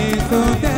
me so down.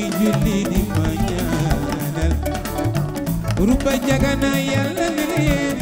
ji julli di ma ñaanal ruba jagana yàlla na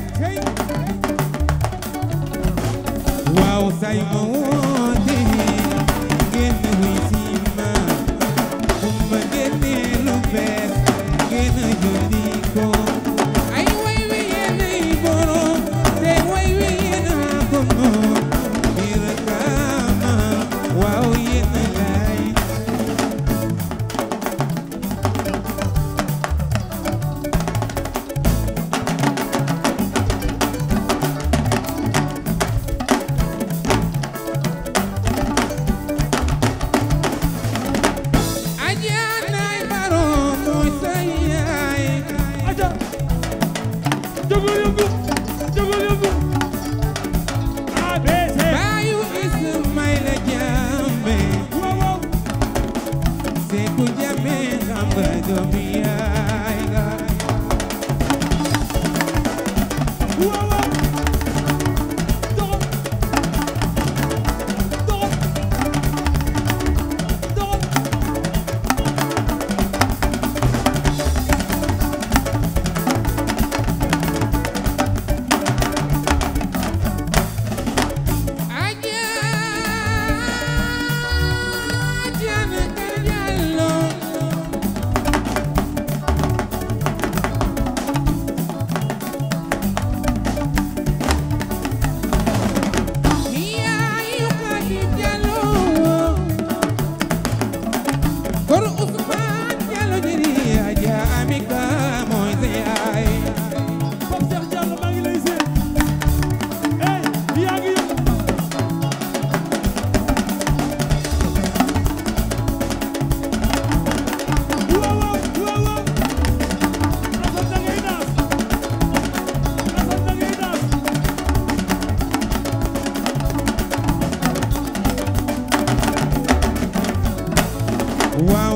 aw say oh, to be waaw